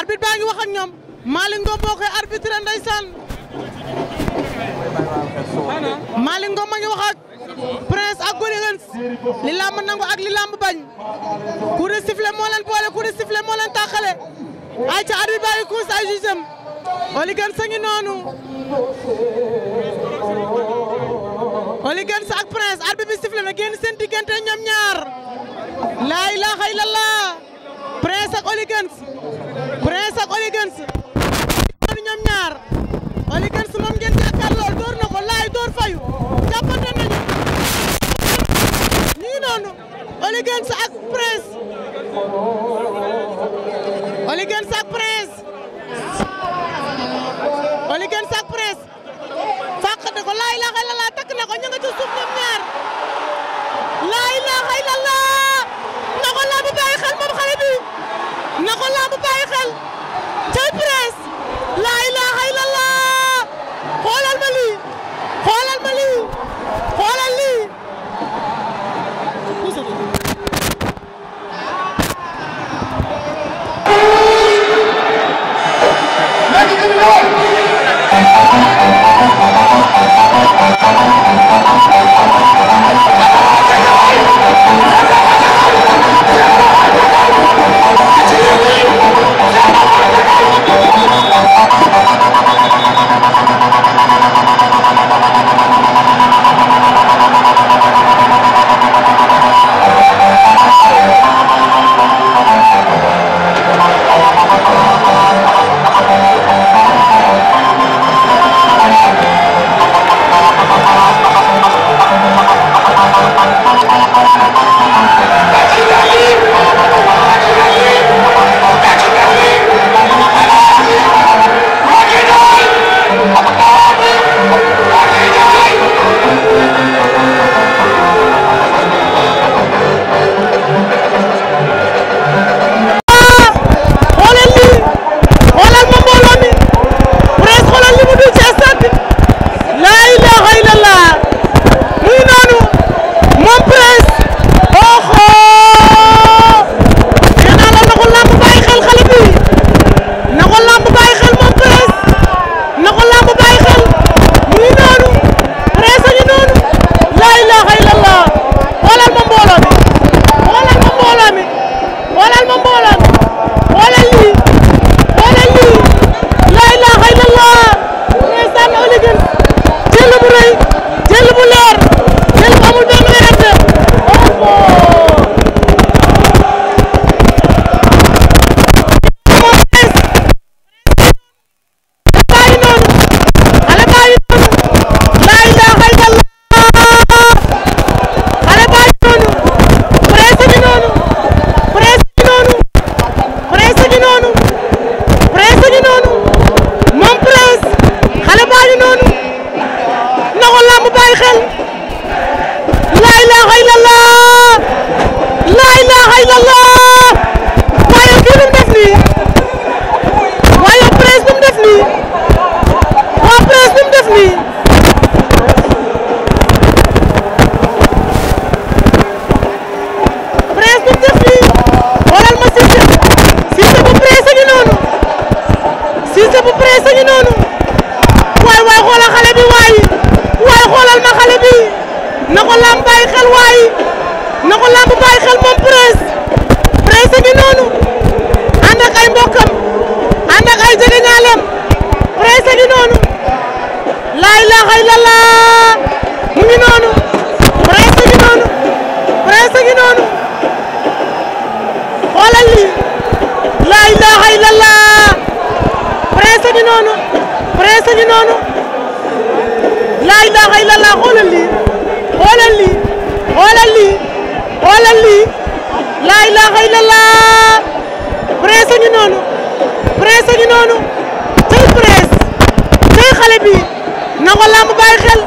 arbitre baangi wax ak ñom Malick Ngom moo koy arbitre ndeysaan Malick go ma wax ak Prince ak Gorgons li lamb nangu ak li lamb bañ ku re sifflet mo leen bolé ku re sifflet mo leen tàqale ay ci arbitre baangi ngi sa ay jugeem Oli Guens a ngi ak Prince arbitre bi sifflé na génn sen diggante ñom ñaar la ilaha illallah Prince ak Oli ilaaha illallaah takk na ko ña nga ca suuf ñoom ñaar laa ilaaha illallaah na ko laa bu bàyyi xel moom xale bi na ko laa bu bàyyi xel. bàyyi xel laa ilaaha illallah laa ilaaha illallah waaye kii nu mu def nii waaye presse nu mu def nii waa presse nu mu def nii a ngi noonu laa ilaaha illallaah xoolal lii xoolal lii xoolal lii xoolal lii laa ilaaha illallaah Prince a ngi noonu Prince a ngi noonu tey Prince tey xale bi na ko làmb bàyyi xel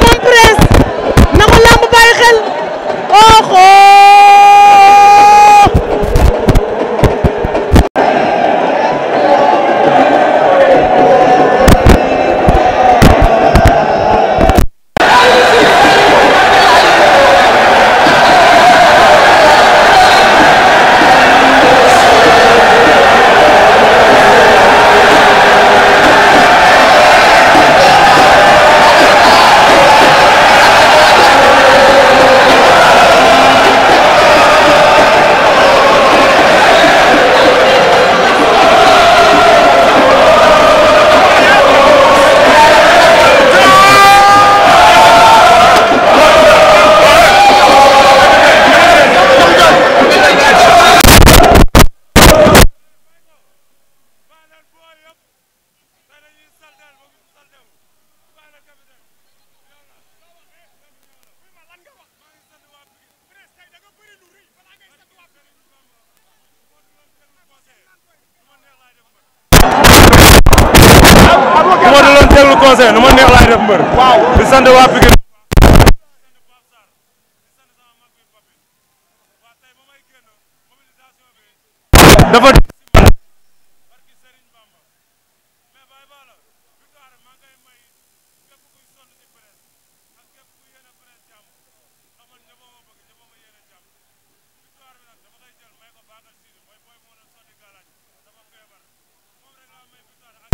moom Prince waa Pikine dafa